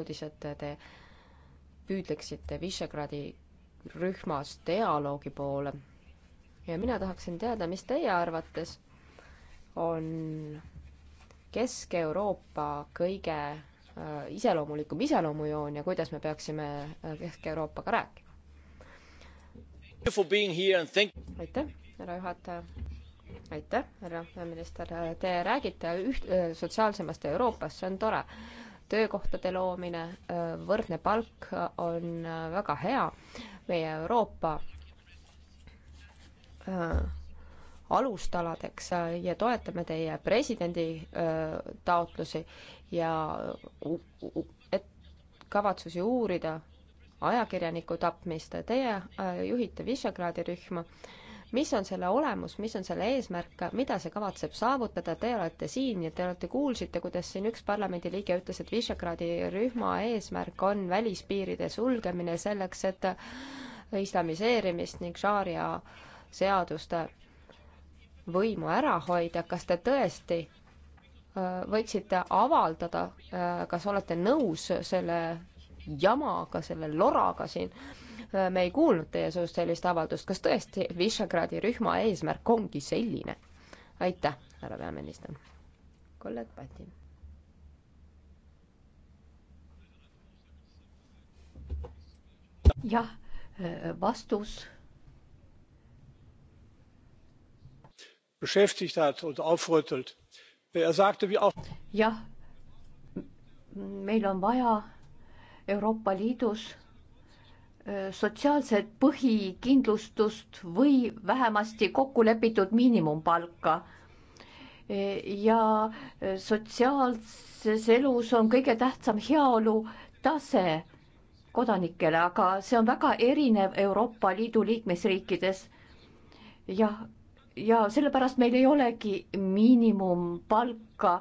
nõudis, et te püüdleksite Visegradi rühmas dialoogi poole. ja mina tahaksin teada, mis teie arvates on Kesk-Euroopa kõige äh, iseloomulikum iseloomujoon ja kuidas me peaksime äh, Kesk-Euroopaga rääkima? aitäh, härra juhataja. aitäh, härra peaminister. Te räägite üht- äh,, sotsiaalsemast Euroopast, see on tore töökohtade loomine, võrdne palk on väga hea. meie Euroopa alustaladeks ja toetame teie presidendi taotlusi ja kavatsusi uurida ajakirjaniku tapmist. Teie juhite Visegradi rühma mis on selle olemus, mis on selle eesmärk, mida see kavatseb saavutada, te olete siin ja te olete, kuulsite, kuidas siin üks parlamendiliige ütles, et Visegradi rühma eesmärk on välispiiride sulgemine selleks, et islamiseerimist ning šaaria seaduste võimu ära hoida, kas te tõesti äh, võiksite avaldada, äh, kas olete nõus selle jamaga, selle loraga siin Äh, me ei kuulnud teie suust sellist avaldust, kas tõesti Visegradi rühma eesmärk ongi selline? aitäh, härra peaminister. kolleeg Patin. jah, äh, vastus beschäftigt hat und aufrüttelt. Er sagte, wie auch. jah, meil on vaja Euroopa Liidus sotsiaalset põhikindlustust või vähemasti kokku lepitud miinimumpalka. ja sotsiaalses elus on kõige tähtsam heaolu tase kodanikele, aga see on väga erinev Euroopa Liidu liikmesriikides. jah, ja sellepärast meil ei olegi miinimumpalka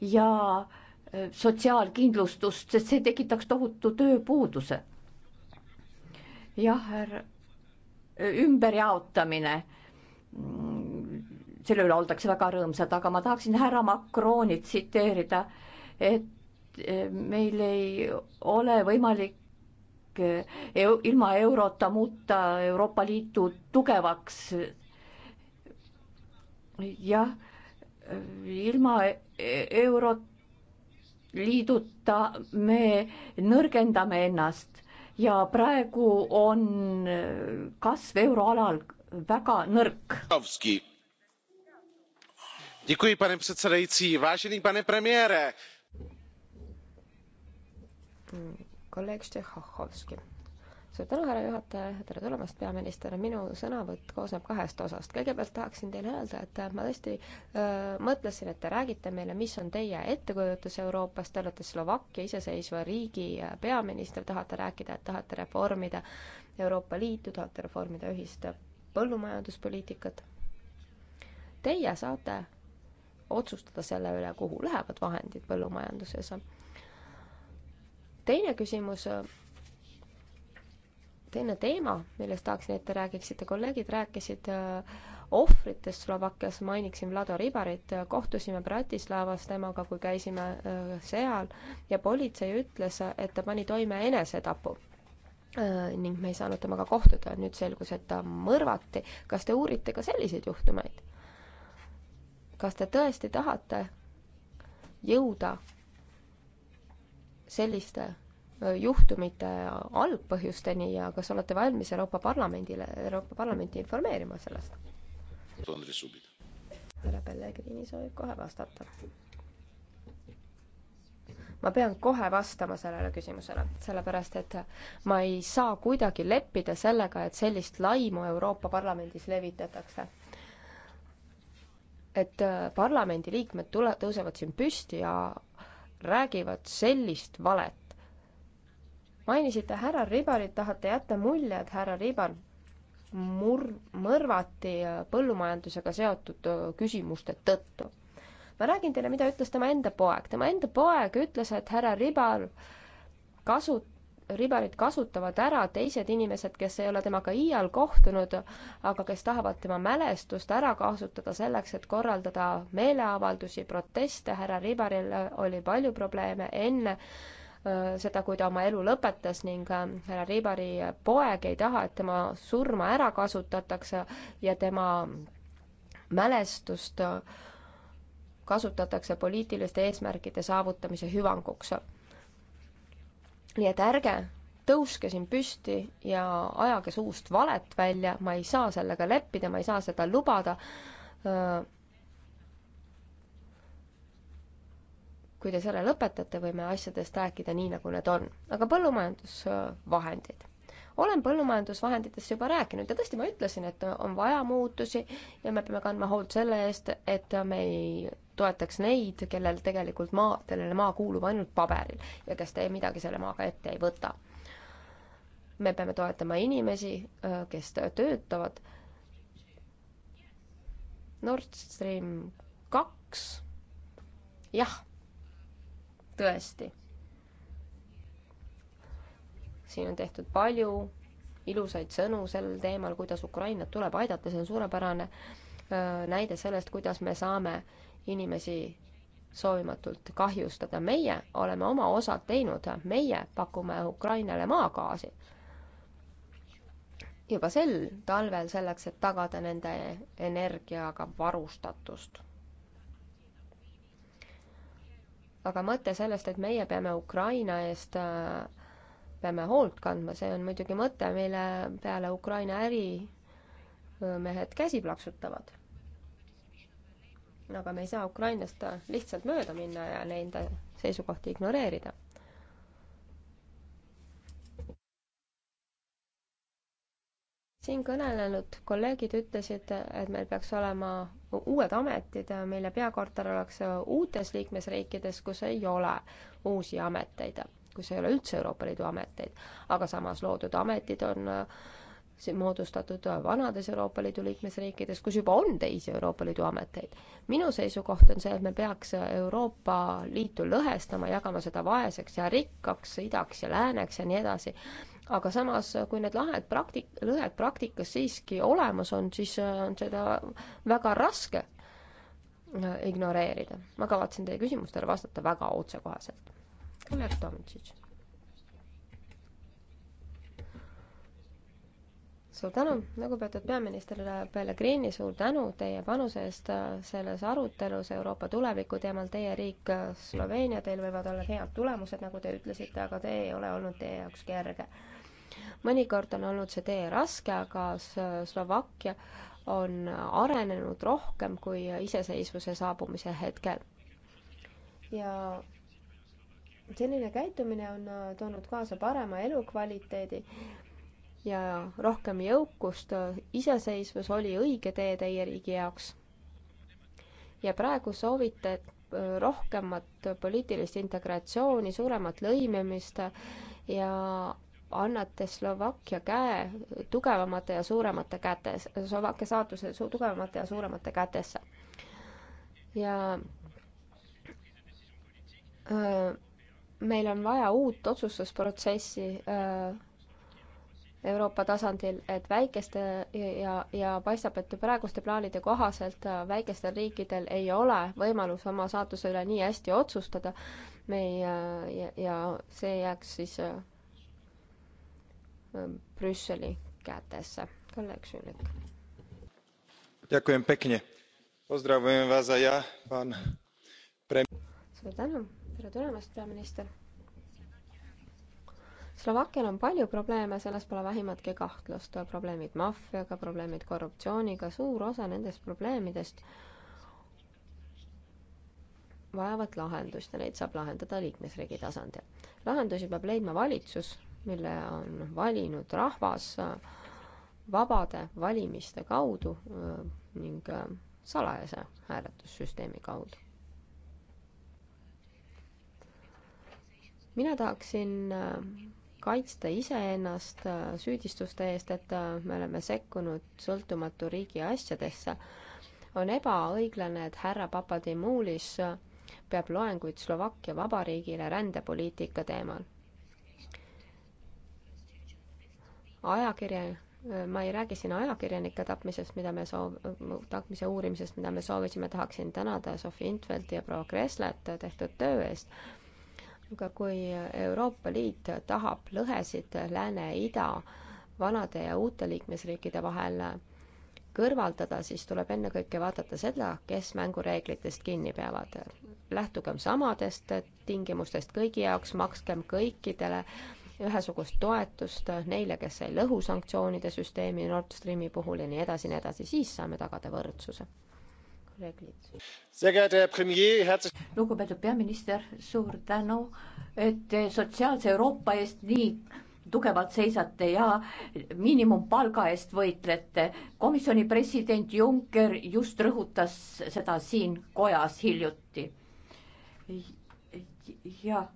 ja sotsiaalkindlustust, sest see tekitaks tohutu tööpuuduse jah, härra, ümberjaotamine, selle üle oldakse väga rõõmsad, aga ma tahaksin härra Macroni tsiteerida, et e, meil ei ole võimalik e, ilma eurota muuta Euroopa Liitu tugevaks. jah, ilma e, eurot liiduta me nõrgendame ennast ja praegu on äh, kasv euroalal väga nõrk. pane předsedající vážený pane premiére kolleeg Stehhovski suur tänu, härra juhataja, tere tulemast, peaminister, minu sõnavõtt koosneb kahest osast. kõigepealt tahaksin teile öelda, et ma tõesti öö, mõtlesin, et te räägite meile, mis on teie ettekujutus Euroopast, te olete Slovakkia iseseisva riigi äh, peaminister, tahate rääkida, et tahate reformida Euroopa Liitu, tahate reformida ühist põllumajanduspoliitikat. Teie saate otsustada selle üle, kuhu lähevad vahendid põllumajanduses. teine küsimus teine teema, millest tahaksin, et te räägiksite, kolleegid rääkisid äh, ohvritest Slovakkias, mainiksin Vlado Ribarit, kohtusime Bratislavas temaga, kui käisime äh, seal ja politsei ütles, et ta pani toime enesetapu äh, ning me ei saanud temaga kohtuda, nüüd selgus, et ta mõrvati. kas te uurite ka selliseid juhtumeid? kas te tõesti tahate jõuda selliste juhtumite algpõhjusteni ja kas olete valmis Euroopa Parlamendile, Euroopa Parlamenti informeerima sellest? härra Pellegrini soovib kohe vastata. ma pean kohe vastama sellele küsimusele, sellepärast et ma ei saa kuidagi leppida sellega, et sellist laimu Euroopa Parlamendis levitatakse et parlamendiliikmed tule-, tõusevad siin püsti ja räägivad sellist valet mainisite härra Ribarit, tahate jätta mulje, et härra Ribar mur-, mõrvati põllumajandusega seotud küsimuste tõttu. ma räägin teile, mida ütles tema enda poeg. tema enda poeg ütles, et härra Ribar kasu-, Ribarit kasutavad ära teised inimesed, kes ei ole temaga iial kohtunud, aga kes tahavad tema mälestust ära kasutada selleks, et korraldada meeleavaldusi, proteste. härra Ribaril oli palju probleeme enne Äh, seda, kui ta oma elu lõpetas ning äh, härra Ribari poeg ei taha, et tema surma ära kasutatakse ja tema mälestust äh, kasutatakse poliitiliste eesmärkide saavutamise hüvanguks. nii et ärge tõuske siin püsti ja ajage suust valet välja, ma ei saa sellega leppida, ma ei saa seda lubada kui te selle lõpetate, võime asjadest rääkida nii, nagu need on. aga põllumajandusvahendid. olen põllumajandusvahenditest juba rääkinud ja tõesti, ma ütlesin, et on vaja muutusi ja me peame kandma hoolt selle eest, et me ei toetaks neid, kellel tegelikult maa, kellele maa kuulub ainult paberil ja kes te midagi selle maaga ette ei võta. me peame toetama inimesi, kes töötavad. Nord Stream kaks, jah tõesti. siin on tehtud palju ilusaid sõnu sel teemal, kuidas Ukrainat tuleb aidata, see on suurepärane äh, näide sellest, kuidas me saame inimesi soovimatult kahjustada. meie oleme oma osad teinud, meie pakume Ukrainale maagaasi. juba sel talvel selleks, et tagada nende energiaga varustatust. aga mõte sellest, et meie peame Ukraina eest, äh, peame hoolt kandma, see on muidugi mõte, mille peale Ukraina ärimehed käsi plaksutavad. aga me ei saa Ukrainast äh, lihtsalt mööda minna ja nende seisukohti ignoreerida siin kõnelenud kolleegid ütlesid, et meil peaks olema uued ametid, mille peakorter oleks uutes liikmesriikides, kus ei ole uusi ameteid, kus ei ole üldse Euroopa Liidu ameteid, aga samas loodud ametid on siin moodustatud vanades Euroopa Liidu liikmesriikides, kus juba on teisi Euroopa Liidu ameteid. minu seisukoht on see, et me peaks Euroopa Liitu lõhestama, jagama seda vaeseks ja rikkaks, idaks ja lääneks ja nii edasi, aga samas, kui need lahed praktik-, lõhed praktikas siiski olemas on, siis äh, on seda väga raske äh, ignoreerida. ma kavatsen teie küsimustele vastata väga otsekoheselt. Oleg Tomitšitš. suur tänu, lugupeetud peaminister Pellegrini, suur tänu teie panuse eest äh, selles arutelus Euroopa tuleviku teemal. Teie riik Sloveenia, teil võivad olla head tulemused, nagu te ütlesite, aga see ei ole olnud teie jaoks kerge mõnikord on olnud see tee raske, aga Slovakkia on arenenud rohkem kui iseseisvuse saabumise hetkel. ja selline käitumine on äh, toonud kaasa parema elukvaliteedi ja rohkem jõukust. iseseisvus oli õige tee teie riigi jaoks. ja praegu soovite äh, rohkemat poliitilist integratsiooni, suuremat lõimimist ja annate Slovakkia käe tugevamate ja suuremate kätes, Slovakkia saatuse tugevamate ja suuremate kätesse. ja öö, meil on vaja uut otsustusprotsessi öö, Euroopa tasandil, et väikeste ja, ja paistab, et praeguste plaanide kohaselt väikestel riikidel ei ole võimalus oma saatuse üle nii hästi otsustada. me ei, ja, ja see jääks siis Ähm, Brüsseli kätesse. kolleeg Šulik. suur tänu, tere tulemast, peaminister. Slovakkial on palju probleeme, selles pole vähimatki kahtlust. probleemid maffiaga, probleemid korruptsiooniga, suur osa nendest probleemidest vajavad lahendust ja neid saab lahendada liikmesriigi tasandil. lahendusi peab leidma valitsus mille on valinud rahvas vabade valimiste kaudu äh, ning äh, salajase hääletussüsteemi kaudu. mina tahaksin äh, kaitsta iseennast süüdistuste eest, et me oleme sekkunud sõltumatu riigi asjadesse. on ebaõiglane, et härra Papadimulis peab loenguid Slovakkia Vabariigile rändepoliitika teemal ajakirja, ma ei räägi siin ajakirjanike tapmisest, mida me soov-, tapmise uurimisest, mida me soovisime, tahaksin tänada Sofi Intvelti ja proua Kreslet tehtud töö eest, aga kui Euroopa Liit tahab lõhesid lääne ja ida vanade ja uute liikmesriikide vahel kõrvaldada, siis tuleb ennekõike vaadata seda, kes mängureeglitest kinni peavad. lähtugem samadest tingimustest kõigi jaoks, makskem kõikidele äh, ühesugust toetust neile, kes ei lõhu sanktsioonide süsteemi Nord Streami puhul ja nii edasi ja nii edasi, siis saame tagada võrdsuse. lugupeetud peaminister, suur tänu, et te sotsiaalse Euroopa eest nii tugevalt seisate ja miinimumpalga eest võitlete. komisjoni president Juncker just rõhutas seda siin kojas hiljuti. jah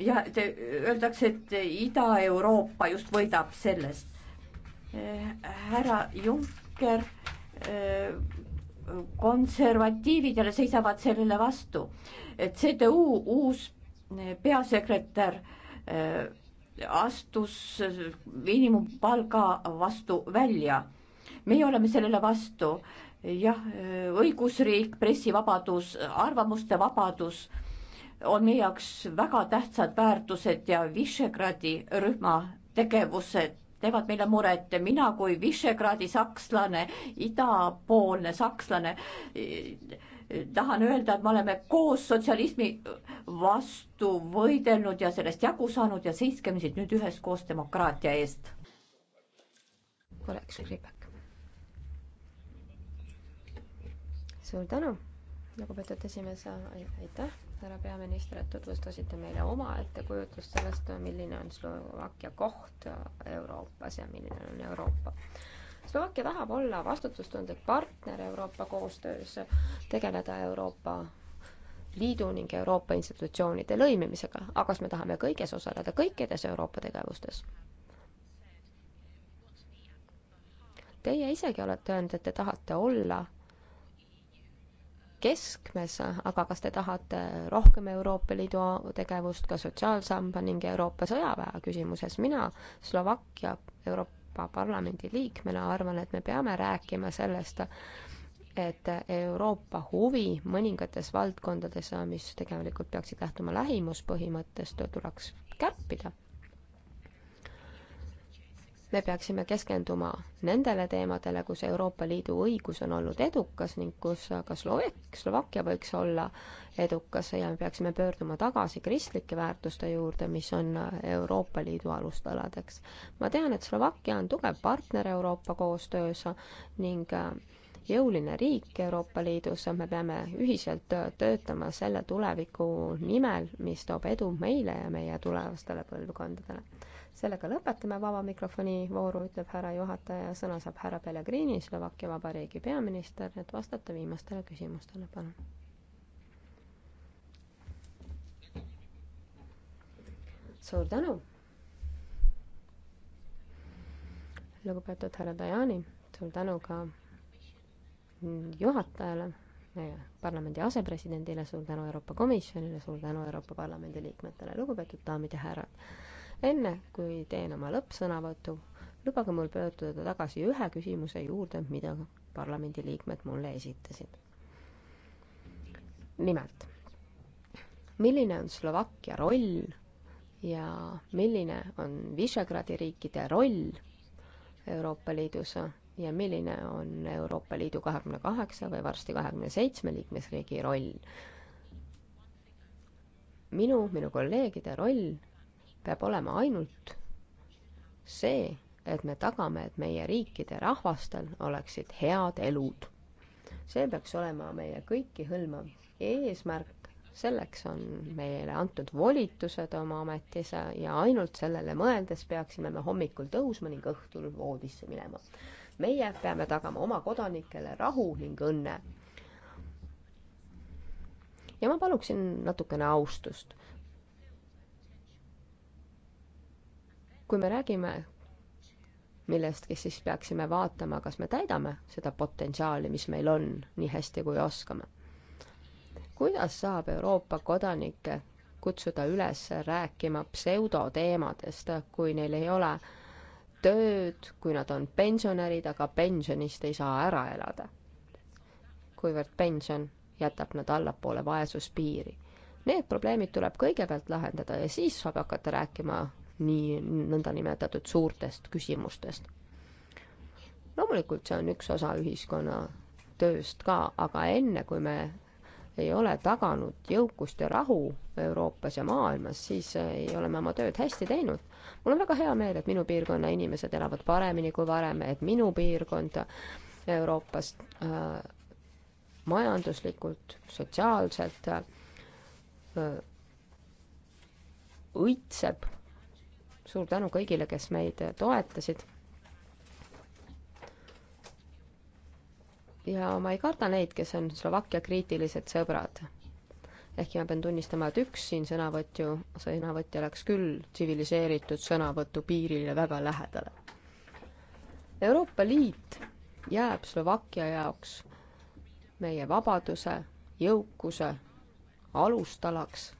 ja te öeldakse, et Ida-Euroopa just võidab sellest. Eh, härra Juncker, eh, konservatiividele seisavad sellele vastu. CDU uus eh, peasekretär astus miinimumpalga vastu välja. meie oleme sellele vastu. jah, õigusriik, pressivabadus, arvamuste vabadus on meie jaoks väga tähtsad väärtused ja Visegradi rühma tegevused teevad meile muret. mina kui Visegradi sakslane, idapoolne sakslane tahan öelda, et me oleme koos sotsialismi vastu võidelnud ja sellest jagu saanud ja seiskem siit nüüd üheskoos demokraatia eest. kolleeg Ribak. suur tänu, lugupeetud esimees, aitäh härra peaminister, et tutvustasite meile oma ettekujutust sellest, milline on Slovakkia koht Euroopas ja milline on Euroopa. Slovakkia tahab olla vastutustundlik partner Euroopa koostöös, tegeleda Euroopa Liidu ning Euroopa institutsioonide lõimimisega, aga kas me tahame kõiges osaleda, kõikides Euroopa tegevustes? Teie isegi olete öelnud, et te tahate olla keskmes, aga kas te tahate rohkem Euroopa Liidu tegevust ka sotsiaalsamba ning Euroopa sõjaväe küsimuses? mina Slovakkia Euroopa Parlamendi liikmena arvan, et me peame rääkima sellest, et Euroopa huvi mõningates valdkondades, mis tegelikult peaksid lähtuma lähimuspõhimõttest, tuleks kärpida me peaksime keskenduma nendele teemadele, kus Euroopa Liidu õigus on olnud edukas ning kus ka Slovakkia võiks olla edukas ja me peaksime pöörduma tagasi kristlike väärtuste juurde, mis on Euroopa Liidu alustaladeks. ma tean, et Slovakkia on tugev partner Euroopa koostöös ning äh, jõuline riik Euroopa Liidus, me peame ühiselt töötama selle tuleviku nimel, mis toob edu meile ja meie tulevastele põlvkondadele sellega lõpetame vaba mikrofoni vooru, ütleb härra juhataja ja sõna saab härra Pellegrini, Slovakkia Vabariigi peaminister, et vastata viimastele küsimustele, palun. suur tänu. lugupeetud härra Dajani, suur tänu ka juhatajale meie parlamendi asepresidendile, suur tänu Euroopa Komisjonile, suur tänu Euroopa Parlamendi liikmetele, lugupeetud daamid ja härrad enne kui teen oma lõppsõnavõtu, lubage mul pöörduda tagasi ühe küsimuse juurde, mida parlamendiliikmed mulle esitasid. nimelt, milline on Slovakkia roll ja milline on Visegradi riikide roll Euroopa Liidus ja milline on Euroopa Liidu kahekümne kaheksa või varsti kahekümne seitsme liikmesriigi roll. minu, minu kolleegide roll peab olema ainult see, et me tagame, et meie riikide rahvastel oleksid head elud. see peaks olema meie kõiki hõlmav eesmärk, selleks on meile antud volitused oma ametis ja ainult sellele mõeldes peaksime me hommikul tõusma ning õhtul voodisse minema. meie peame tagama oma kodanikele rahu ning õnne. ja ma paluksin natukene austust. kui me räägime millestki, siis peaksime vaatama, kas me täidame seda potentsiaali, mis meil on, nii hästi kui oskame. kuidas saab Euroopa kodanikke kutsuda üles rääkima pseudoteemadest, kui neil ei ole tööd, kui nad on pensionärid, aga pensionist ei saa ära elada? kuivõrd pension jätab nad allapoole vaesuspiiri. Need probleemid tuleb kõigepealt lahendada ja siis saab hakata rääkima nii nõndanimetatud suurtest küsimustest. loomulikult see on üks osa ühiskonna tööst ka, aga enne kui me ei ole taganud jõukust ja rahu Euroopas ja maailmas, siis eh, ei ole me oma tööd hästi teinud. mul on väga hea meel, et minu piirkonna inimesed elavad paremini kui varem, et minu piirkond Euroopas äh, majanduslikult, sotsiaalselt äh, õitseb suur tänu kõigile, kes meid toetasid. ja ma ei karda neid, kes on Slovakkia kriitilised sõbrad. ehkki ma pean tunnistama, et üks siin sõnavõtju, sõnavõtja läks küll tsiviliseeritud sõnavõtu piirile väga lähedale. Euroopa Liit jääb Slovakkia jaoks meie vabaduse, jõukuse alustalaks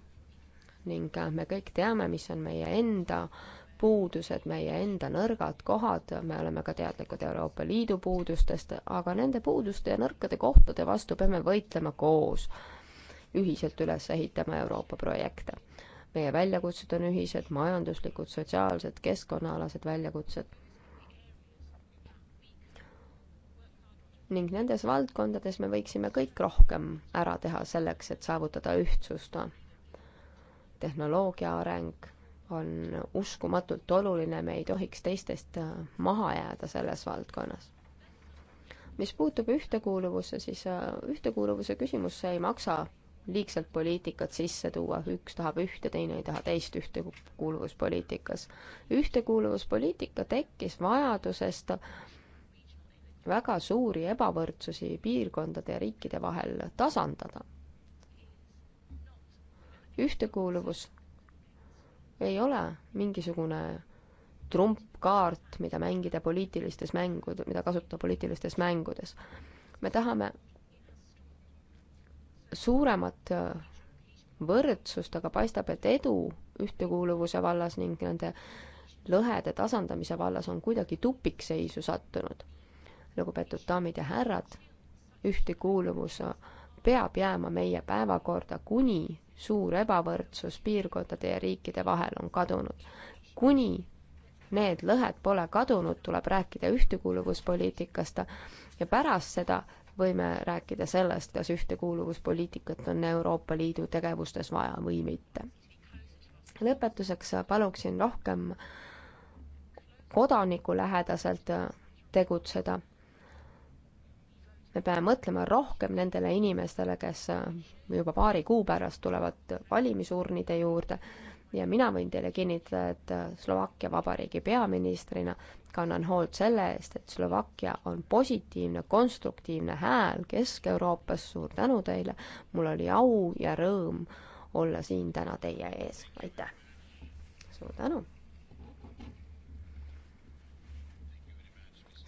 ning me kõik teame, mis on meie enda äh, puudused, meie enda nõrgad kohad, me oleme ka teadlikud Euroopa Liidu puudustest, aga nende puuduste ja nõrkade kohtade vastu peame võitlema koos, ühiselt üles ehitama Euroopa projekte. meie väljakutsed on ühised, majanduslikud, sotsiaalsed, keskkonnaalased väljakutsed. ning nendes valdkondades me võiksime kõik rohkem ära teha selleks, et saavutada ühtsust. tehnoloogia areng on uskumatult oluline, me ei tohiks teistest äh, maha jääda selles valdkonnas. mis puutub ühtekuuluvusse, siis äh, ühtekuuluvuse küsimusse ei maksa liigselt poliitikat sisse tuua, üks tahab ühte, teine ei taha teist ühtekuuluvuspoliitikas. ühtekuuluvuspoliitika tekkis vajadusest väga suuri ebavõrdsusi piirkondade ja riikide vahel tasandada. ühtekuuluvus ei ole mingisugune trumpkaart, mida mängida poliitilistes mängud, mida kasutada poliitilistes mängudes. me tahame suuremat äh, võrdsust, aga paistab, et edu ühtekuuluvuse vallas ning nende lõhede tasandamise vallas on kuidagi tupikseisu sattunud. lugupeetud daamid ja härrad, ühtekuuluvus äh, peab jääma meie päevakorda, kuni suur ebavõrdsus piirkondade ja riikide vahel on kadunud. kuni need lõhed pole kadunud, tuleb rääkida ühtekuuluvuspoliitikast ja pärast seda võime rääkida sellest, kas ühtekuuluvuspoliitikat on Euroopa Liidu tegevustes vaja või mitte. lõpetuseks paluksin rohkem kodanikulähedaselt tegutseda me peame mõtlema rohkem nendele inimestele, kes äh, juba paari kuu pärast tulevad valimisurnide juurde ja mina võin teile kinnitada, et äh, Slovakkia Vabariigi peaministrina kannan hoolt selle eest, et Slovakkia on positiivne, konstruktiivne hääl Kesk-Euroopas, suur tänu teile, mul oli au ja rõõm olla siin täna teie ees, aitäh! suur tänu!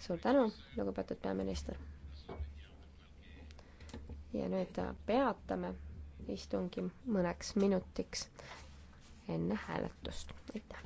suur tänu, lugupeetud peaminister! ja nüüd äh, peatame istungi mõneks minutiks enne hääletust. aitäh!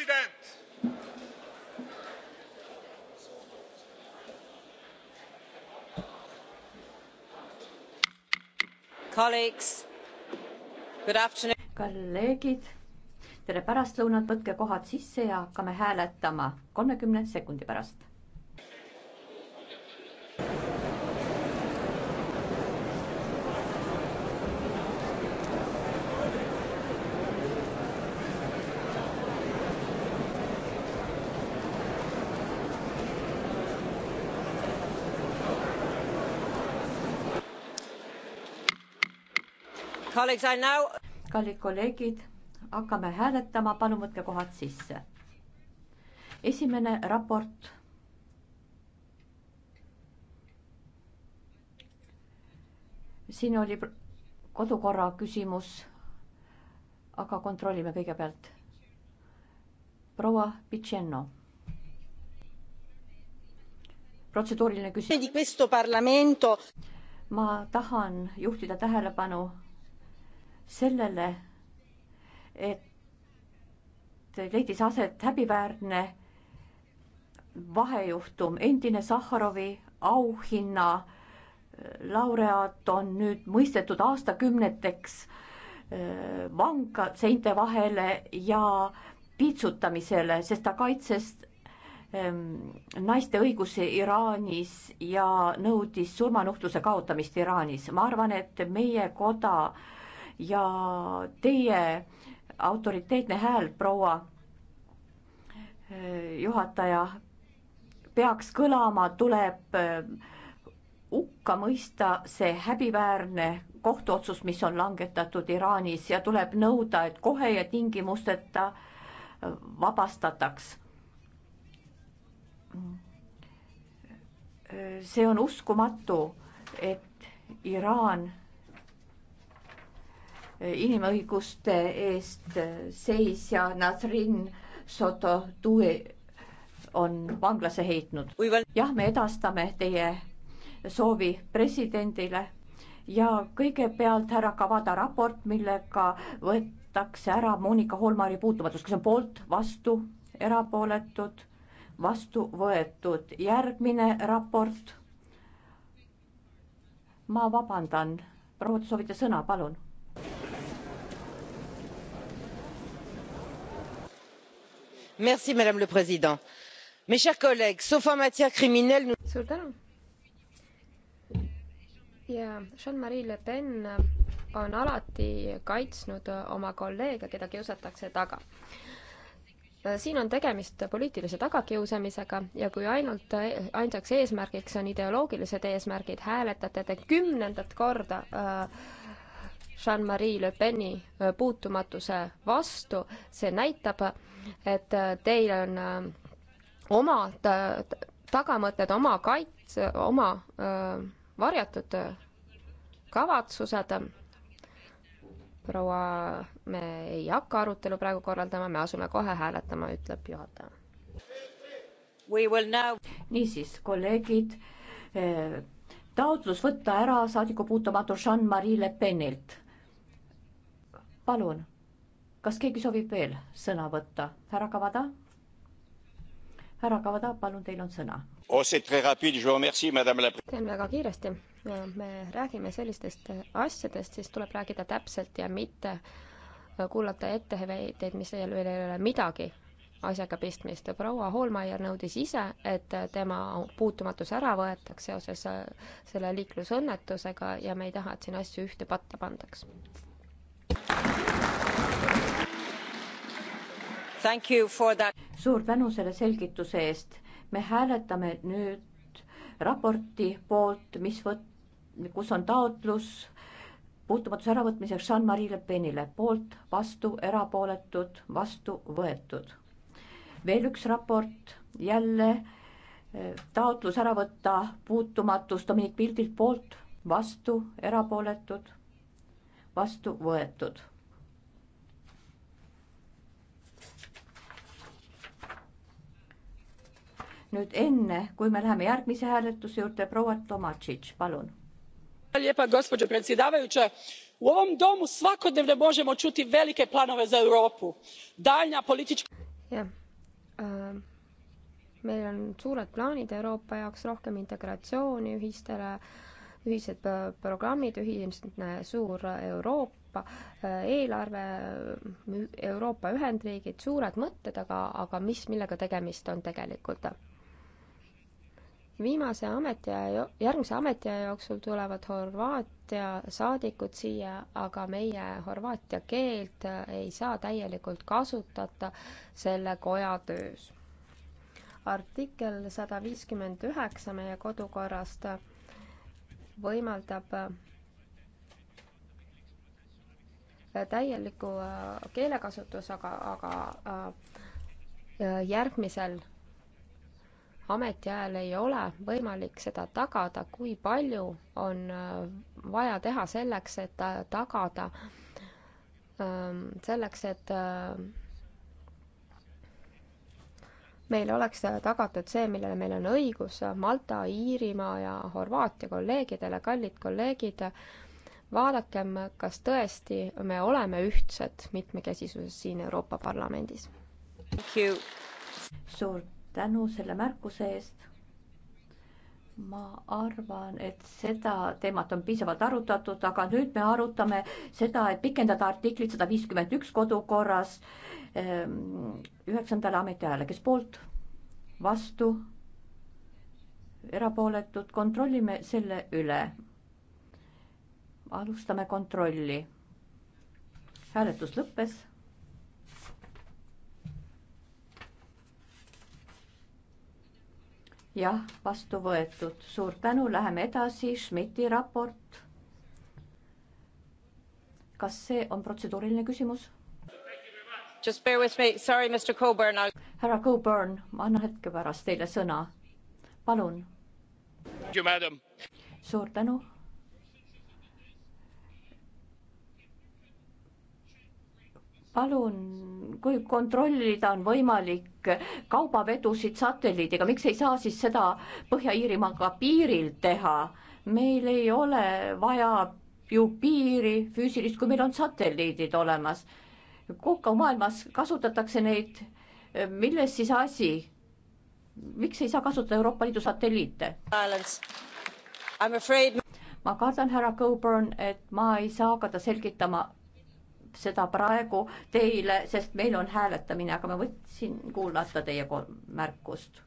president! kolleegid, tere pärastlõunat, võtke kohad sisse ja hakkame hääletama kolmekümne sekundi pärast. kallid kolleegid, hakkame hääletama, palun võtke kohad sisse. esimene raport. siin oli kodukorra küsimus. aga kontrollime kõigepealt. proua Piceno protseduuriline küsimus. ma tahan juhtida tähelepanu sellele, et leidis aset häbiväärne vahejuhtum, endine Sahharovi auhinna laureaat on nüüd mõistetud aastakümneteks eh, vanga seinte vahele ja piitsutamisele, sest ta kaitses ehm, naiste õigusi Iraanis ja nõudis surmanuhtluse kaotamist Iraanis. ma arvan, et meie koda äh, ja teie autoriteetne hääl, proua eh, juhataja, peaks kõlama, tuleb eh, hukka mõista see häbiväärne kohtuotsus, mis on langetatud Iraanis ja tuleb nõuda, et kohe ja tingimusteta eh, vabastataks. see on uskumatu, et Iraan inimõiguste eest seisja Nazrin Sotodue on vanglasse heitnud. jah, me edastame teie soovi presidendile ja kõigepealt härra Kavada raport, millega võetakse ära Monika Holmari puutumatus, kas on poolt, vastu, erapooletud, vastu võetud. järgmine raport. ma vabandan, proua, te soovite sõna, palun madame la présidente mes chers collègues sauf en matière criminelle nous. jean marie le pen on alati kaitsnud oma kolleege keda kiusatakse taga. siin on tegemist poliitilise tagakiusamisega ja kui ainult ainsaks eesmärgiks on ideoloogilised eesmärgid hääletate te kümnendat korda äh, Jean-Marie Le Peni äh, puutumatuse vastu, see näitab, et äh, teil on äh, oma tagamõtted, oma kaitse, oma öö, varjatud kavatsused. proua, me ei hakka arutelu praegu korraldama, me asume kohe hääletama, ütleb juhataja. Now... niisiis, kolleegid, taotlus võtta ära saadikupuutumatu Jean-Marie Le Penilt palun, kas keegi soovib veel sõna võtta? härra Kavada? härra Kavada, palun, teil on sõna. Oh, teen väga kiiresti. me räägime sellistest asjadest, siis tuleb rääkida täpselt ja mitte kuulata etteheiteid, mis veel ei ole midagi asjaga pistmist. proua Hoolmeier nõudis ise, et tema puutumatus ära võetaks seoses selle liiklusõnnetusega ja me ei taha, et siin asju ühte patta pandaks. suur tänu selle selgituse eest. me hääletame nüüd raporti poolt, mis võt-, kus on taotlus puutumatuse äravõtmiseks Jean-Marie Le Penile, poolt, vastu, erapooletud, vastu võetud. veel üks raport, jälle eh, taotlus ära võtta puutumatus Dominic Pildilt poolt, vastu, erapooletud, vastu võetud nüüd enne, kui me läheme järgmise hääletuse juurde, proua Tomatšitš, palun. gospođo predsjedavajuća u ovom domu svakodnevno možemo čuti velike planove za europu daljnja politička. jah äh,, meil on suured plaanid Euroopa jaoks, rohkem integratsiooni ühistele, ühised programmid, ühine suur Euroopa. Euroopa äh, eelarve, Euroopa Ühendriigid, suured mõtted, aga, aga mis, millega tegemist on tegelikult? viimase ametiaja, järgmise ametiaja jooksul tulevad Horvaatia saadikud siia, aga meie horvaatia keelt äh, ei saa täielikult kasutada selle koja töös. artikkel sada viiskümmend üheksa meie kodukorrast äh, võimaldab äh, täieliku keelekasutus, aga, aga järgmisel ametiajal ei ole võimalik seda tagada, kui palju on äh, vaja teha selleks, et tagada, ähm, selleks, et äh, meil oleks äh, tagatud see, millele meil on õigus Malta, Iirimaa ja Horvaatia kolleegidele, kallid kolleegid, vaadakem, kas tõesti me oleme ühtsed mitmekesisuses siin Euroopa Parlamendis. suur tänu selle märkuse eest. ma arvan, et seda teemat on piisavalt arutatud, aga nüüd me arutame seda, et pikendada artiklit sada viiskümmend üks kodukorras ehm, üheksandale ametiajale, kes poolt, vastu, erapooletud, kontrollime selle üle. alustame kontrolli. hääletus lõppes jah, vastu võetud, suur tänu, läheme edasi, Schmidti raport. kas see on protseduuriline küsimus? härra Coburn, ma annan hetke pärast teile sõna. palun. suur tänu. palun kui kontrollida on võimalik kaubavedusid satelliidiga, miks ei saa siis seda Põhja-Iirimaaga piiril teha? meil ei ole vaja ju piiri füüsilist, kui meil on satelliidid olemas. kogu maailmas kasutatakse neid, milles siis asi? miks ei saa kasutada Euroopa Liidu satelliite? ma kardan, härra Coburn, et ma ei saa hakata selgitama seda praegu teile, sest meil on hääletamine, aga ma võtsin kuulata teie märkust.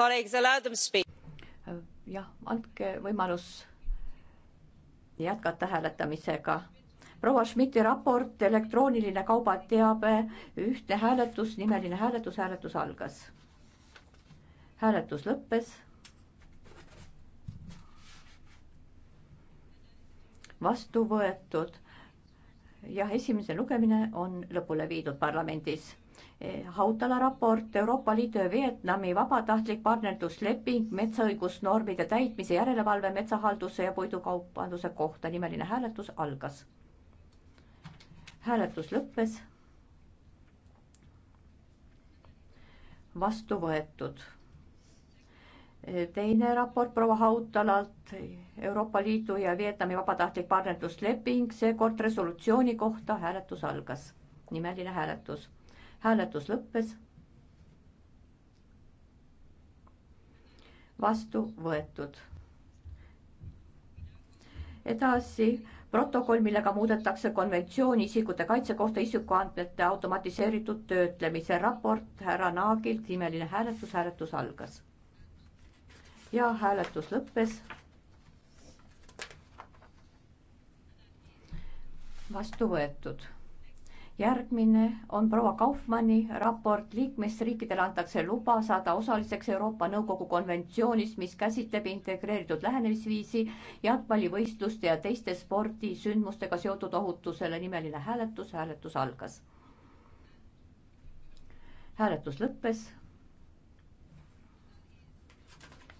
Äh, jah, andke võimalus jätkata hääletamisega proua Schmidti raport, elektrooniline kaubateabe, ühtne hääletus, nimeline hääletus, hääletus algas. hääletus lõppes vastu võetud. jah, esimese lugemine on lõpule viidud parlamendis. Eh, Hautala raport Euroopa Liidu ja Vietnami vabatahtlik partnerlusleping metsaõigusnormide täitmise järelevalve metsahalduse ja puidukaubanduse kohta nimeline hääletus algas. hääletus lõppes. vastu võetud teine raport proua Hautalalt, Euroopa Liidu ja Vietnami vabatahtlik partnerlusleping, seekord resolutsiooni kohta hääletus algas, nimeline hääletus. hääletus lõppes. vastu võetud. edasi protokoll, millega muudetakse konventsiooni isikute kaitse kohta isikuandmete automatiseeritud töötlemise raport härra Naagilt, nimeline hääletus, hääletus algas ja hääletus lõppes. vastu võetud. järgmine on proua Kaufmanni raport, liikmesriikidele antakse luba saada osaliseks Euroopa Nõukogu konventsioonis, mis käsitleb integreeritud lähenemisviisi jalgpallivõistluste ja teiste spordisündmustega seotud ohutusele. nimeline hääletus, hääletus algas. hääletus lõppes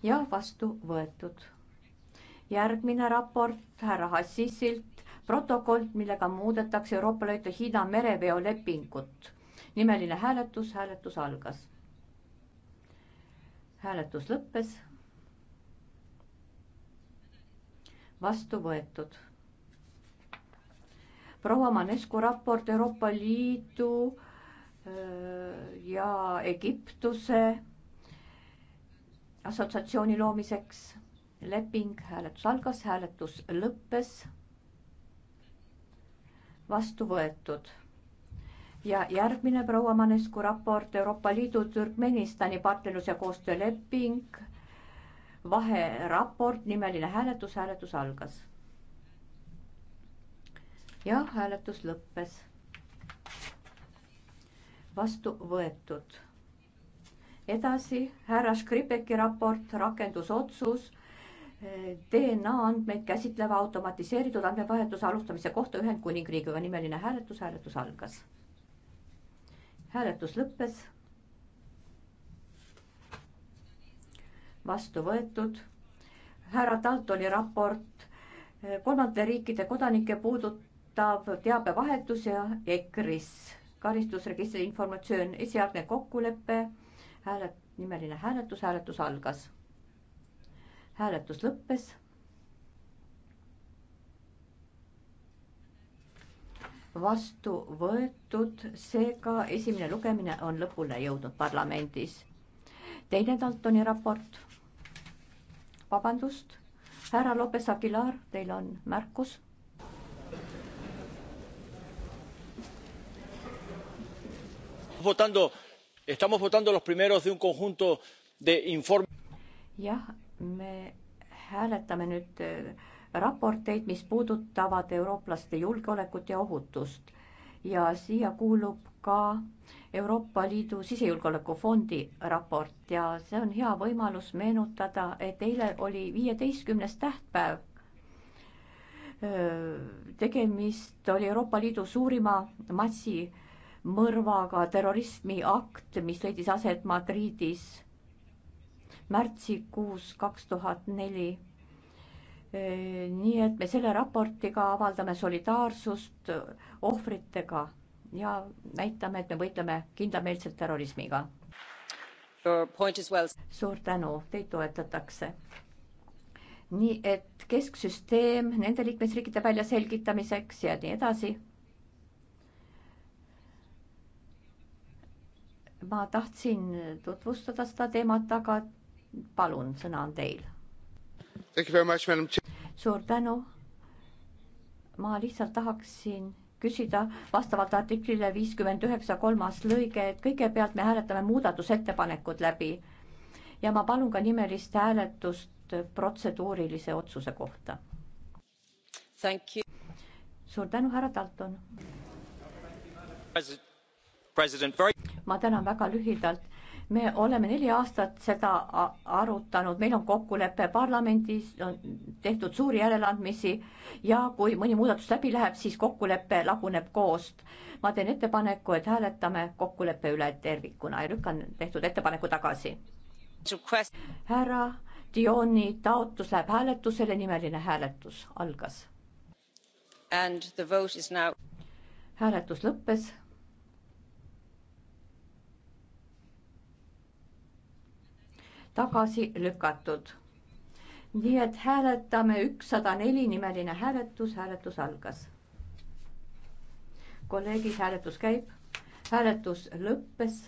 ja vastu võetud. järgmine raport härra Hassisilt, protokoll, millega muudetakse Euroopa Liidu Hiina mereveolepingut. nimeline hääletus, hääletus algas. hääletus lõppes. vastu võetud. proua Manescu raport Euroopa Liidu äh, ja Egiptuse assotsiatsiooni loomiseks. leping, hääletus algas, hääletus lõppes. vastu võetud ja järgmine proua Manescu raport Euroopa Liidu Türkmenistani partnerlus ja koostööleping. vaheraport, nimeline hääletus, hääletus algas. ja hääletus lõppes. vastu võetud edasi härra Škripeki raport, rakendusotsus DNA andmeid käsitleva automatiseeritud andmevahetuse alustamise kohta Ühendkuningriigiga nimeline hääletus, hääletus algas. hääletus lõppes. vastu võetud. härra Daltoni raport, kolmandate riikide kodanikke puudutav teabevahetus ja EKRIS, karistusregistri informatsioon, esialgne kokkulepe hääled, nimeline hääletus, hääletus algas. hääletus lõppes. vastu võetud, seega esimene lugemine on lõpule jõudnud parlamendis. teine Daltoni raport. vabandust, härra Lopes Aguilar, teil on märkus votando estamos votando los primeros de un conjunto de inform-. jah, me hääletame nüüd eh, raporteid, mis puudutavad eurooplaste julgeolekut ja ohutust ja siia kuulub ka Euroopa Liidu sisejulgeolekufondi raport ja see on hea võimalus meenutada, et eile oli viieteistkümnes tähtpäev. Eh, tegemist oli Euroopa Liidu suurima massi mõrvaga terrorismiakt, mis leidis aset Madridis märtsikuus kaks tuhat neli nii et me selle raportiga avaldame solidaarsust ohvritega ja näitame, et me võitleme kindlameelselt terrorismiga. Well. suur tänu, teid toetatakse. nii et kesksüsteem nende liikmesriikide väljaselgitamiseks ja nii edasi ma tahtsin tutvustada seda teemat, aga palun, sõna on teil. suur tänu. ma lihtsalt tahaksin küsida vastavalt artiklile viiskümmend üheksa kolmas lõige, et kõigepealt me hääletame muudatusettepanekud läbi ja ma palun ka nimelist hääletust protseduurilise otsuse kohta. suur tänu, härra Dalton. president, president ma tänan väga lühidalt. me oleme neli aastat seda arutanud, meil on kokkulepe parlamendis, on tehtud suuri järeleandmisi ja kui mõni muudatus läbi läheb, siis kokkulepe laguneb koost. ma teen ettepaneku, et hääletame kokkuleppe üle tervikuna ja lükkan tehtud ettepaneku tagasi. härra Dioni taotlus läheb hääletusele, nimeline hääletus algas. hääletus lõppes tagasi lükatud. nii et hääletame ükssada neli nimeline hääletus, hääletus algas. kolleegid, hääletus käib, hääletus lõppes.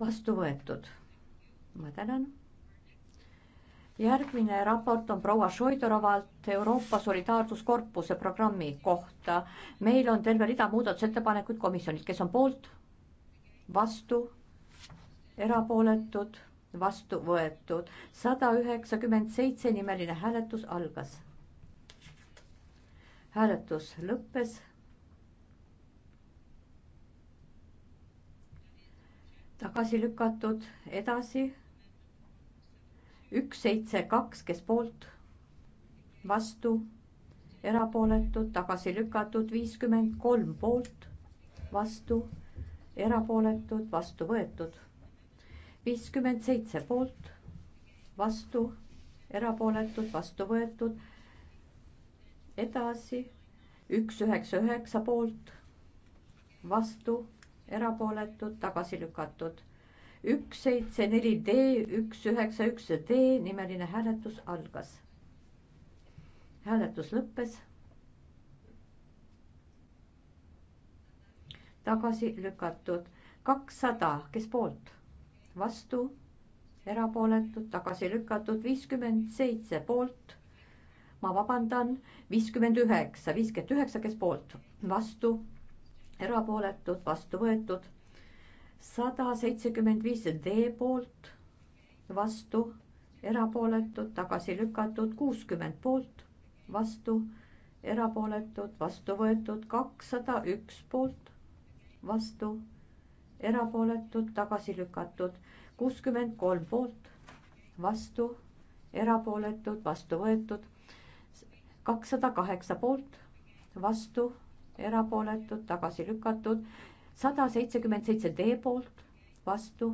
vastu võetud. ma tänan järgmine raport on proua Šoidorovalt Euroopa Solidaarsuskorpuse programmi kohta. meil on terve rida muudatusettepanekuid komisjonilt, kes on poolt? vastu, erapooletud, vastu võetud. sada üheksakümmend seitse nimeline hääletus algas. hääletus lõppes. tagasi lükatud, edasi. üks, seitse, kaks, kes poolt, vastu erapooletud, tagasi lükatud viiskümmend kolm poolt, vastu erapooletud, vastu võetud. viiskümmend seitse poolt, vastu, erapooletud, vastu võetud. edasi üks üheksa üheksa poolt, vastu, erapooletud, tagasi lükatud üks seitse neli D üks üheksa üks D nimeline hääletus algas. hääletus lõppes tagasi lükatud. kakssada, kes poolt? vastu, erapooletud, tagasi lükatud, viiskümmend seitse poolt. ma vabandan, viiskümmend üheksa, viiskümmend üheksa, kes poolt? vastu, erapooletud, vastu võetud. sada seitsekümmend viis D poolt, vastu, erapooletud, tagasi lükatud, kuuskümmend poolt, vastu erapooletud, vastu võetud kakssada üks poolt, vastu, erapooletud, tagasi lükatud, kuuskümmend kolm poolt, vastu, erapooletud, vastu võetud, kakssada kaheksa poolt, vastu, erapooletud, tagasi lükatud, sada seitsekümmend seitse D poolt, vastu,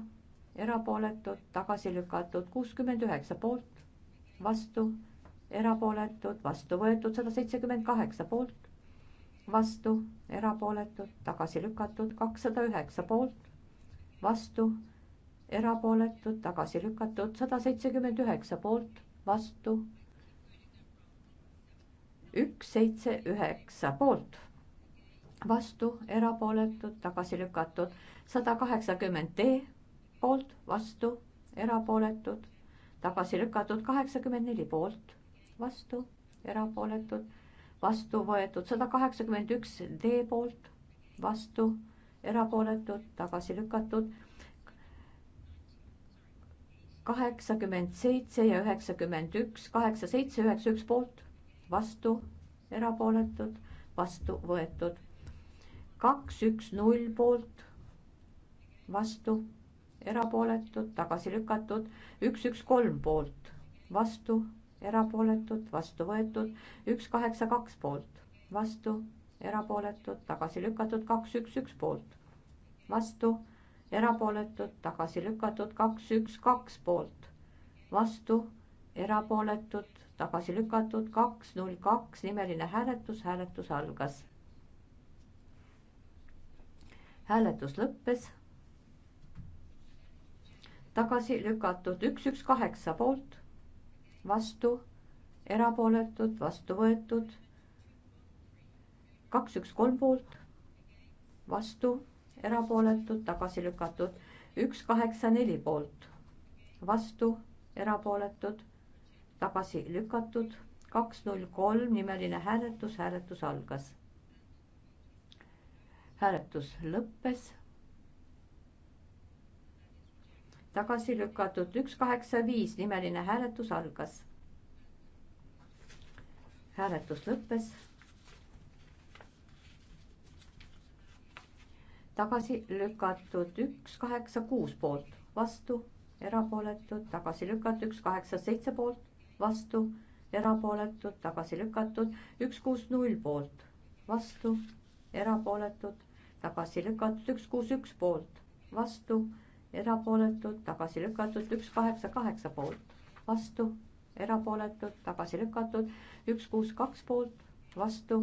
erapooletud, tagasi lükatud, kuuskümmend üheksa poolt, vastu, erapooletud, vastu võetud, sada seitsekümmend kaheksa poolt, vastu, erapooletud, tagasi lükatud, kakssada üheksa poolt, vastu, erapooletud, tagasi lükatud, sada seitsekümmend üheksa poolt, vastu, üks, seitse, üheksa poolt, vastu, erapooletud, tagasi lükatud, sada kaheksakümmend D poolt, vastu, erapooletud, tagasi lükatud, kaheksakümmend neli poolt, vastu, erapooletud vastu võetud sada kaheksakümmend üks D poolt, vastu, erapooletud, tagasi lükatud. kaheksakümmend seitse ja üheksakümmend üks, kaheksa, seitse, üheksa, üks poolt, vastu, erapooletud, vastu võetud. kaks, üks, null poolt, vastu, erapooletud, tagasi lükatud, üks, üks, kolm poolt, vastu erapooletud, vastu võetud, üks kaheksa kaks poolt, vastu, erapooletud, tagasi lükatud, kaks üks üks poolt, vastu, erapooletud, tagasi lükatud, kaks üks kaks poolt, vastu, erapooletud, tagasi lükatud, kaks null kaks, nimeline hääletus, hääletus algas. hääletus lõppes. tagasi lükatud üks üks kaheksa poolt vastu, erapooletud, vastu võetud. kaks, üks, kolm poolt, vastu, erapooletud, tagasi lükatud, üks, kaheksa, neli poolt, vastu, erapooletud, tagasi lükatud, kaks, null, kolm, nimeline hääletus, hääletus algas. hääletus lõppes tagasi lükatud, üks kaheksa viis nimeline hääletus algas. hääletus lõppes. tagasi lükatud üks kaheksa kuus poolt, vastu, erapooletud, tagasi lükatud üks kaheksa seitse poolt, vastu, erapooletud, tagasi lükatud üks kuus null poolt, vastu, erapooletud, tagasi lükatud üks kuus üks poolt, vastu erapooletud, tagasi lükatud, üks kaheksa kaheksa poolt, vastu, erapooletud, tagasi lükatud, üks kuus kaks poolt, vastu,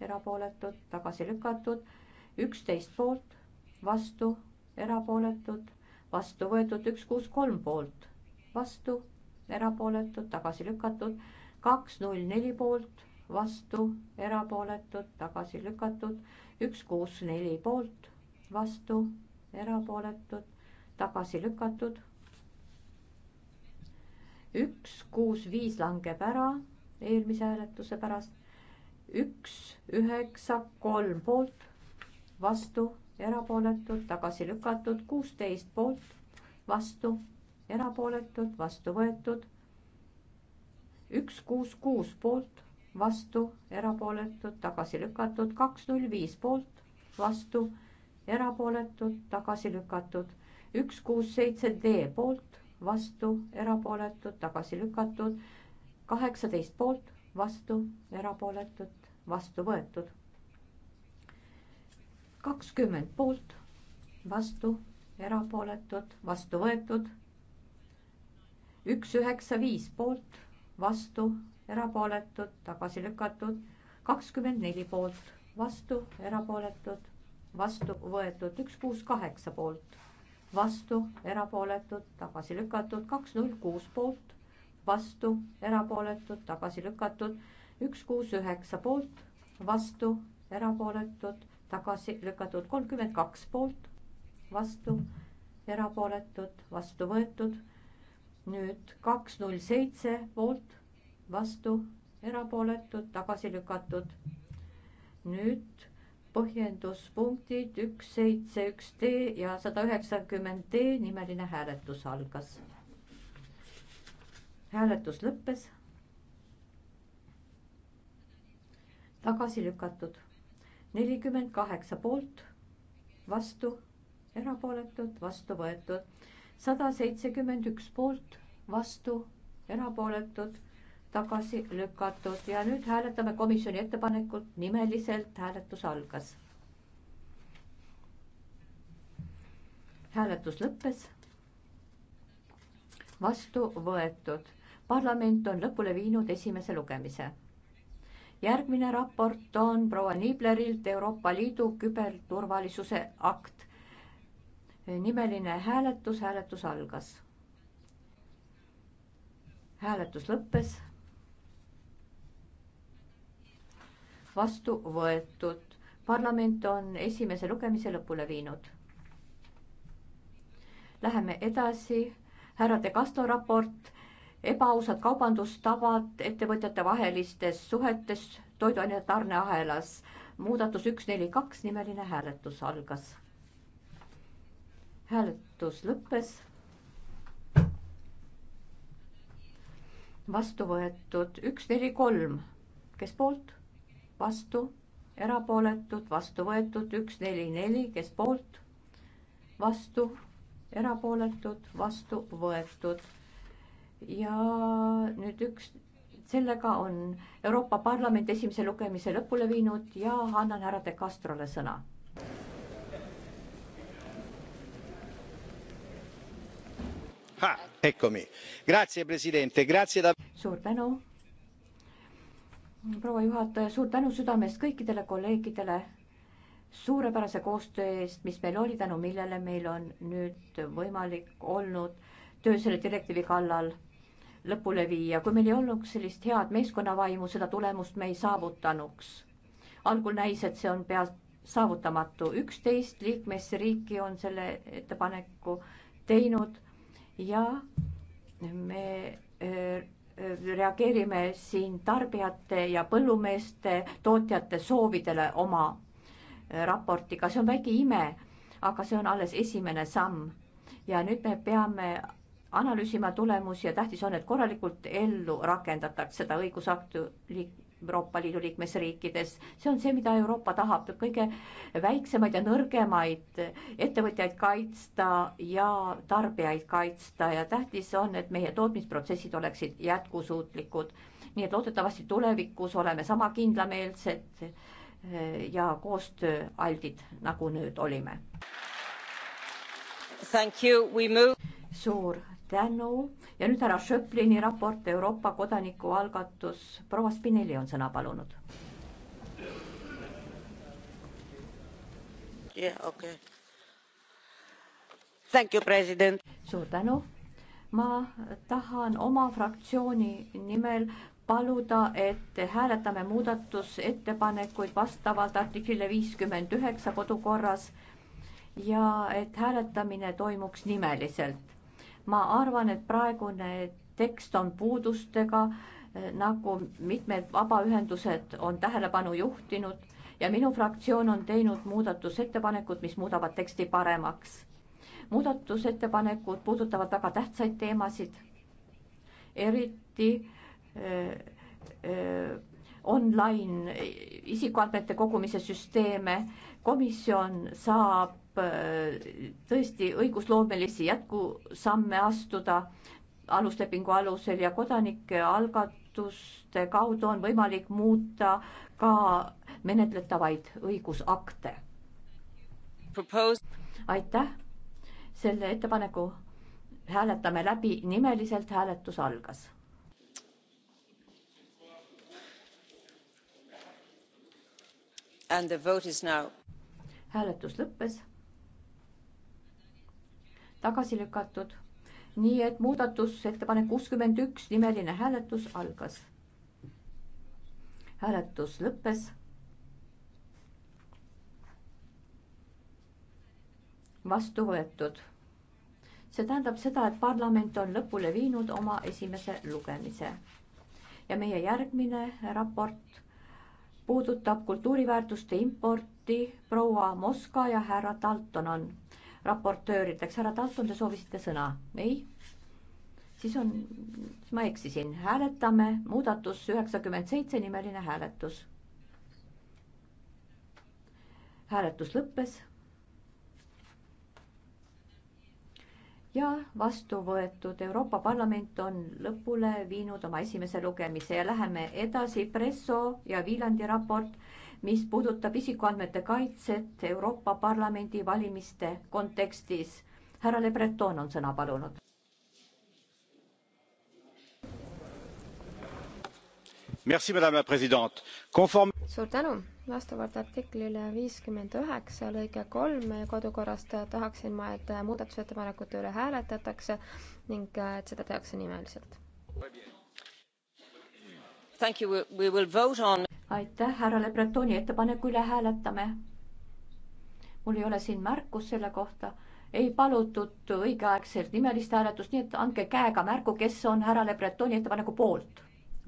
erapooletud, tagasi lükatud, üksteist poolt, vastu, erapooletud, vastu võetud, üks kuus kolm poolt, vastu, erapooletud, tagasi lükatud, kaks null neli poolt, vastu, erapooletud, tagasi lükatud, üks kuus neli poolt, vastu, erapooletud, tagasi lükatud. üks, kuus, viis langeb ära eelmise hääletuse pärast. üks, üheksa, kolm poolt, vastu, erapooletud, tagasi lükatud, kuusteist poolt, vastu, erapooletud, vastu võetud. üks, kuus, kuus poolt, vastu, erapooletud, tagasi lükatud, kaks, null, viis poolt, vastu, erapooletud, tagasi lükatud üks, kuus, seitse D poolt, vastu, erapooletud, tagasi lükatud, kaheksateist poolt, vastu, erapooletud, vastu võetud. kakskümmend poolt, vastu, erapooletud, vastu võetud. üks, üheksa, viis poolt, vastu, erapooletud, tagasi lükatud, kakskümmend neli poolt, vastu, erapooletud, vastu võetud, üks, kuus, kaheksa poolt vastu, erapooletud, tagasi lükatud, kaks null kuus poolt, vastu, erapooletud, tagasi lükatud, üks kuus üheksa poolt, vastu, erapooletud, tagasi lükatud, kolmkümmend kaks poolt, vastu, erapooletud, vastu võetud. nüüd kaks null seitse poolt, vastu, erapooletud, tagasi lükatud. nüüd põhjenduspunktid üks, seitse, üks D ja sada üheksakümmend D nimeline hääletus algas. hääletus lõppes. tagasi lükatud nelikümmend kaheksa poolt, vastu, erapooletud, vastu võetud, sada seitsekümmend üks poolt, vastu, erapooletud tagasi lükatud ja nüüd hääletame komisjoni ettepanekut nimeliselt, hääletus algas. hääletus lõppes. vastu võetud, parlament on lõpule viinud esimese lugemise. järgmine raport on proua Niiblerilt Euroopa Liidu küberturvalisuse akt. nimeline hääletus, hääletus algas hääletus lõppes vastu võetud. parlament on esimese lugemise lõpule viinud. Läheme edasi, härra De Castro raport, ebaausad kaubandustavad ettevõtjatevahelistes suhetes toiduainete tarneahelas. muudatus üks, neli, kaks, nimeline hääletus algas. hääletus lõppes vastu võetud üks, neli, kolm. kes poolt? vastu, erapooletud, vastu võetud, üks, neli, neli, kes poolt, vastu, erapooletud, vastu võetud. ja nüüd üks, sellega on Euroopa Parlament esimese lugemise lõpule viinud ja annan härra De Castrole sõna ah,. suur tänu proua juhataja, suur tänu südamest kõikidele kolleegidele suurepärase koostöö eest, mis meil oli, tänu millele meil on nüüd võimalik olnud töö selle direktiivi kallal lõpule viia. kui meil ei olnud sellist head meeskonnavaimu, seda tulemust me ei saavutanuks. algul näis, et see on pea saavutamatu. üksteist liikmesriiki on selle ettepaneku teinud ja me öö, äh, reageerime siin tarbijate ja põllumeeste, tootjate soovidele oma äh, raportiga, see on väike ime, aga see on alles esimene samm. ja nüüd me peame analüüsima tulemusi ja tähtis on, et korralikult ellu rakendataks seda õigusakti Euroopa Liidu liikmesriikides. see on see, mida Euroopa tahab, kõige väiksemaid ja nõrgemaid ettevõtjaid kaitsta ja tarbijaid kaitsta ja tähtis on, et meie tootmisprotsessid oleksid jätkusuutlikud. nii et loodetavasti tulevikus oleme sama kindlameelsed eh, ja koostööaldid, nagu nüüd olime. suur tänu ja nüüd härra Schöplini raport Euroopa kodanikualgatus. proua Spinelli on sõna palunud. jah, okei okay.. Thank you, president. suur tänu. ma tahan oma fraktsiooni nimel paluda, et hääletame muudatusettepanekuid vastavalt artiklile viiskümmend üheksa kodukorras ja et hääletamine toimuks nimeliselt ma arvan, et praegune tekst on puudustega, eh, nagu mitmed vabaühendused on tähelepanu juhtinud ja minu fraktsioon on teinud muudatusettepanekud, mis muudavad teksti paremaks. muudatusettepanekud puudutavad väga tähtsaid teemasid, eriti öö, eh, öö, eh, online isikuandmete kogumise süsteeme. komisjon saab Äh, tõesti õigusloomelisi jätkusamme astuda aluslepingu alusel ja kodanike algatuste kaudu on võimalik muuta ka menetletavaid õigusakte. aitäh, selle ettepaneku hääletame läbi, nimeliselt hääletus algas. hääletus lõppes tagasi lükatud. nii et muudatusettepanek kuuskümmend üks, nimeline hääletus algas. hääletus lõppes. vastu võetud. see tähendab seda, et parlament on lõpule viinud oma esimese lugemise. ja meie järgmine raport puudutab kultuuriväärtuste importi. proua Moskva ja härra Dalton on raportöörideks. härra Dalton, te soovisite sõna? ei? siis on, siis ma eksisin, hääletame muudatus üheksakümmend seitse nimeline hääletus. hääletus lõppes. ja vastu võetud Euroopa Parlament on lõpule viinud oma esimese lugemise ja läheme edasi Presso ja Viilandi raport mis puudutab isikuandmete kaitset Euroopa Parlamendi valimiste kontekstis. härra Le Breton on sõna palunud. suur tänu, vastavalt artiklile viiskümmend üheksa lõige kolm meie kodukorrast tahaksin ma, et muudatusettepanekute üle hääletatakse ning äh, et seda tehakse nimeliselt. On aitäh, härra Le Bretoni ettepaneku üle hääletame. mul ei ole siin märkust selle kohta, ei palutud õigeaegselt nimelist hääletust, nii et andke käega märku, kes on härra Le Bretoni ettepaneku poolt,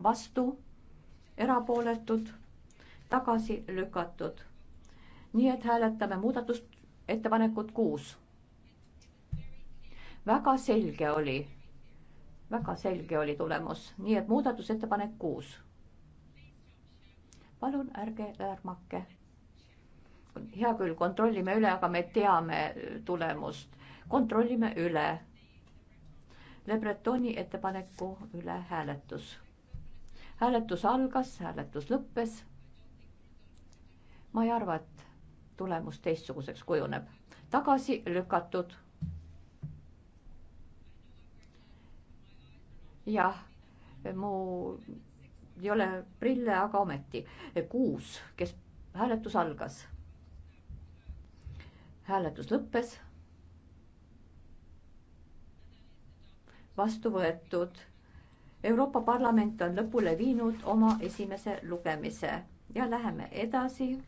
vastu, erapooletud, tagasi lükatud. nii et hääletame muudatust, ettepanekut kuus. väga selge oli, väga selge oli tulemus, nii et muudatusettepanek kuus palun ärge ärmake. hea küll, kontrollime üle, aga me teame äh, tulemust. kontrollime üle. Le Bretoni ettepaneku üle hääletus. hääletus algas, hääletus lõppes. ma ei arva, et tulemus teistsuguseks kujuneb. tagasi lükatud. jah, mu ei ole prille, aga ometi kuus, kes hääletus algas. hääletus lõppes. vastu võetud. Euroopa Parlament on lõpule viinud oma esimese lugemise ja läheme edasi.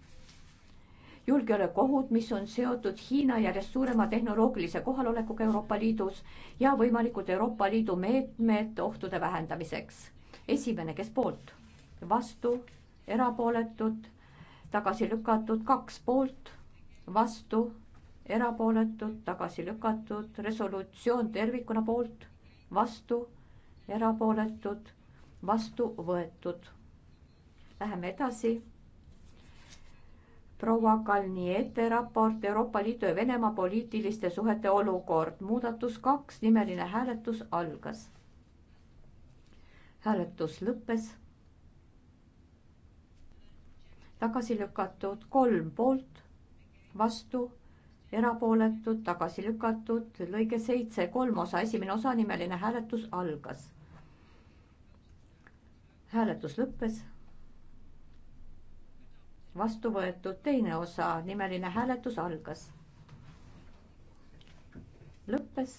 julgeolekuohud, mis on seotud Hiina järjest suurema tehnoloogilise kohalolekuga Euroopa Liidus ja võimalikud Euroopa Liidu meetmed ohtude vähendamiseks esimene, kes poolt, vastu, erapooletud, tagasi lükatud, kaks poolt, vastu, erapooletud, tagasi lükatud, resolutsioon tervikuna poolt, vastu, erapooletud, vastu võetud. Läheme edasi proua Kalniete raport Euroopa Liidu ja Venemaa poliitiliste suhete olukord, muudatus kaks, nimeline hääletus algas hääletus lõppes. tagasi lükatud kolm poolt, vastu, erapooletud, tagasi lükatud, lõige seitse, kolm osa, esimene osa, nimeline hääletus algas. hääletus lõppes vastu võetud teine osa, nimeline hääletus algas. lõppes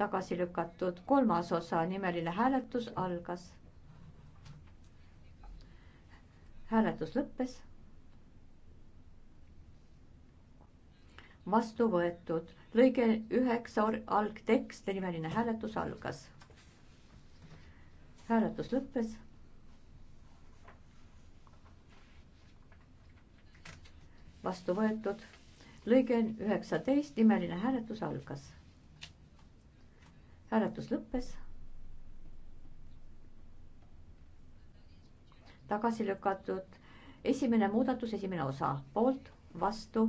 tagasi lükatud. kolmas osa, nimeline hääletus algas. hääletus lõppes. vastu võetud, lõige üheksa algtekst, nimeline hääletus algas. hääletus lõppes. vastu võetud, lõige üheksateist, nimeline hääletus algas hääletus lõppes. tagasi lükatud esimene muudatus, esimene osa poolt, vastu,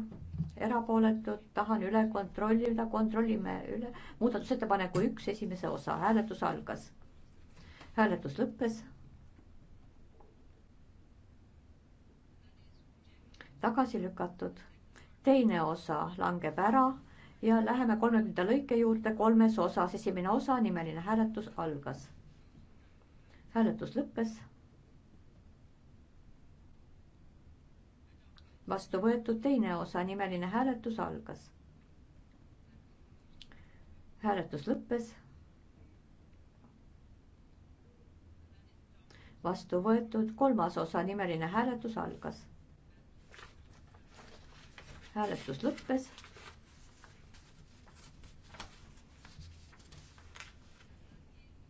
erapooletud, tahan üle kontrollida, kontrollime üle muudatusettepaneku üks esimese osa, hääletus algas. hääletus lõppes. tagasi lükatud, teine osa langeb ära ja läheme kolmekümnenda lõike juurde kolmes osas. esimene osa, nimeline hääletus algas. hääletus lõppes. vastu võetud teine osa, nimeline hääletus algas. hääletus lõppes. vastu võetud kolmas osa, nimeline hääletus algas. hääletus lõppes